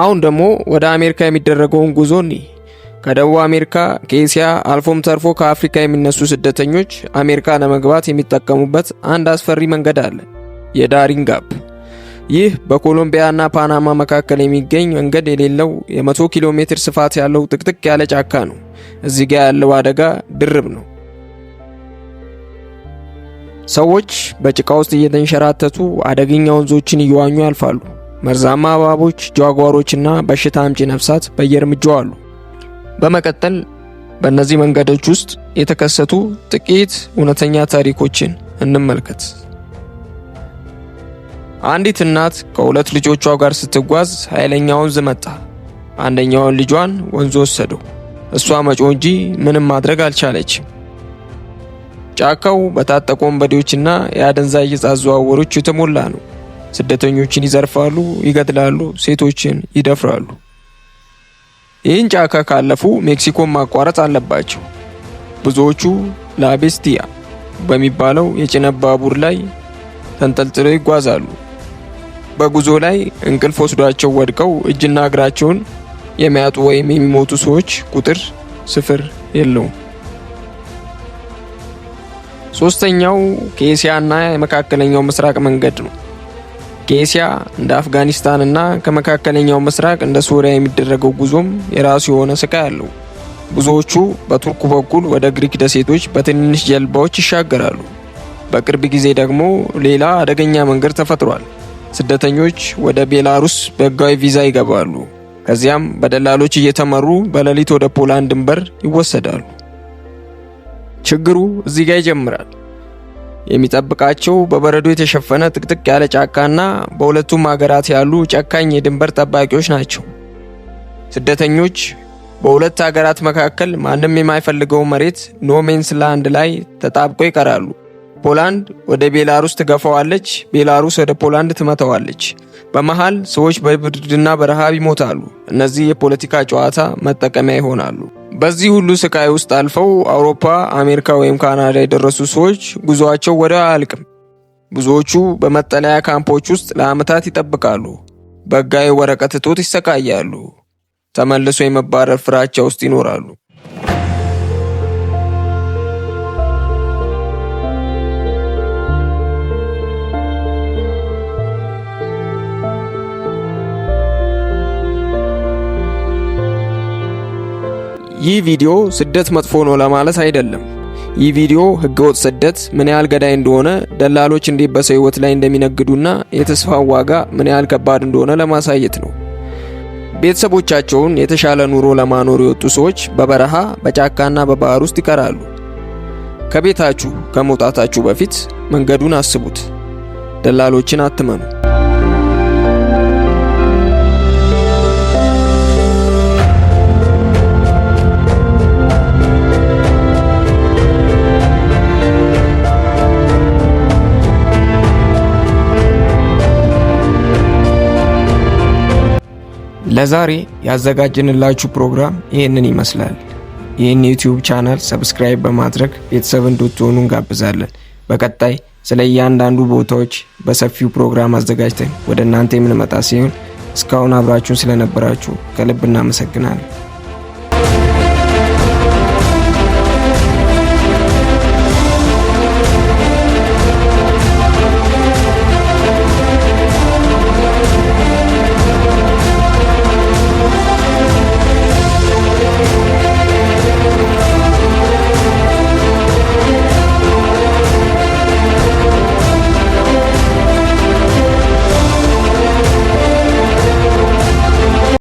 አሁን ደግሞ ወደ አሜሪካ የሚደረገውን ጉዞ ኒ ከደቡብ አሜሪካ ከኤስያ አልፎም ተርፎ ከአፍሪካ የሚነሱ ስደተኞች አሜሪካ ለመግባት የሚጠቀሙበት አንድ አስፈሪ መንገድ አለ፣ የዳሪንግ ጋፕ። ይህ በኮሎምቢያ ና ፓናማ መካከል የሚገኝ መንገድ የሌለው የ100 ኪሎ ሜትር ስፋት ያለው ጥቅጥቅ ያለ ጫካ ነው። እዚህ ጋ ያለው አደጋ ድርብ ነው። ሰዎች በጭቃ ውስጥ እየተንሸራተቱ አደገኛ ወንዞችን እየዋኙ ያልፋሉ። መርዛማ እባቦች፣ ጃጓሮችና በሽታ አምጪ ነፍሳት በየእርምጃው አሉ። በመቀጠል በእነዚህ መንገዶች ውስጥ የተከሰቱ ጥቂት እውነተኛ ታሪኮችን እንመልከት። አንዲት እናት ከሁለት ልጆቿ ጋር ስትጓዝ ኃይለኛ ወንዝ መጣ። አንደኛውን ልጇን ወንዝ ወሰደው። እሷ መጮ እንጂ ምንም ማድረግ አልቻለችም። ጫካው በታጠቁ ወንበዴዎችና የአደንዛዥ ዕፅ አዘዋዋሪዎች የተሞላ ነው። ስደተኞችን ይዘርፋሉ፣ ይገድላሉ፣ ሴቶችን ይደፍራሉ። ይህን ጫካ ካለፉ ሜክሲኮን ማቋረጥ አለባቸው። ብዙዎቹ ላቤስቲያ በሚባለው የጭነት ባቡር ላይ ተንጠልጥለው ይጓዛሉ። በጉዞ ላይ እንቅልፍ ወስዷቸው ወድቀው እጅና እግራቸውን የሚያጡ ወይም የሚሞቱ ሰዎች ቁጥር ስፍር የለውም። ሶስተኛው ና የመካከለኛው ምስራቅ መንገድ ነው። ከኤስያ እንደ አፍጋኒስታን እና ከመካከለኛው ምስራቅ እንደ ሶሪያ የሚደረገው ጉዞም የራሱ የሆነ ስቃይ አለው። ብዙዎቹ በቱርኩ በኩል ወደ ግሪክ ደሴቶች በትንንሽ ጀልባዎች ይሻገራሉ። በቅርብ ጊዜ ደግሞ ሌላ አደገኛ መንገድ ተፈጥሯል። ስደተኞች ወደ ቤላሩስ በህጋዊ ቪዛ ይገባሉ። ከዚያም በደላሎች እየተመሩ በሌሊት ወደ ፖላንድ ድንበር ይወሰዳሉ። ችግሩ እዚህ ጋር ይጀምራል። የሚጠብቃቸው በበረዶ የተሸፈነ ጥቅጥቅ ያለ ጫካና በሁለቱም ሀገራት ያሉ ጨካኝ የድንበር ጠባቂዎች ናቸው። ስደተኞች በሁለት ሀገራት መካከል ማንም የማይፈልገው መሬት ኖሜንስ ላንድ ላይ ተጣብቆ ይቀራሉ። ፖላንድ ወደ ቤላሩስ ትገፋዋለች፣ ቤላሩስ ወደ ፖላንድ ትመተዋለች። በመሃል ሰዎች በብርድና በረሃብ ይሞታሉ። እነዚህ የፖለቲካ ጨዋታ መጠቀሚያ ይሆናሉ። በዚህ ሁሉ ስቃይ ውስጥ አልፈው አውሮፓ፣ አሜሪካ ወይም ካናዳ የደረሱ ሰዎች ጉዞአቸው ወደ አያልቅም። ብዙዎቹ በመጠለያ ካምፖች ውስጥ ለዓመታት ይጠብቃሉ። በሕጋዊ ወረቀት እጦት ይሰቃያሉ። ተመልሶ የመባረር ፍራቻ ውስጥ ይኖራሉ። ይህ ቪዲዮ ስደት መጥፎ ነው ለማለት አይደለም። ይህ ቪዲዮ ህገወጥ ስደት ምን ያህል ገዳይ እንደሆነ፣ ደላሎች እንዴት በሰው ህይወት ላይ እንደሚነግዱና የተስፋው ዋጋ ምን ያህል ከባድ እንደሆነ ለማሳየት ነው። ቤተሰቦቻቸውን የተሻለ ኑሮ ለማኖር የወጡ ሰዎች በበረሃ በጫካና በባህር ውስጥ ይቀራሉ። ከቤታችሁ ከመውጣታችሁ በፊት መንገዱን አስቡት። ደላሎችን አትመኑ። ለዛሬ ያዘጋጀንላችሁ ፕሮግራም ይህንን ይመስላል። ይህን ዩቲዩብ ቻናል ሰብስክራይብ በማድረግ ቤተሰብ እንድትሆኑ እንጋብዛለን። በቀጣይ ስለ እያንዳንዱ ቦታዎች በሰፊው ፕሮግራም አዘጋጅተን ወደ እናንተ የምንመጣ ሲሆን እስካሁን አብራችሁን ስለነበራችሁ ከልብ እናመሰግናለን።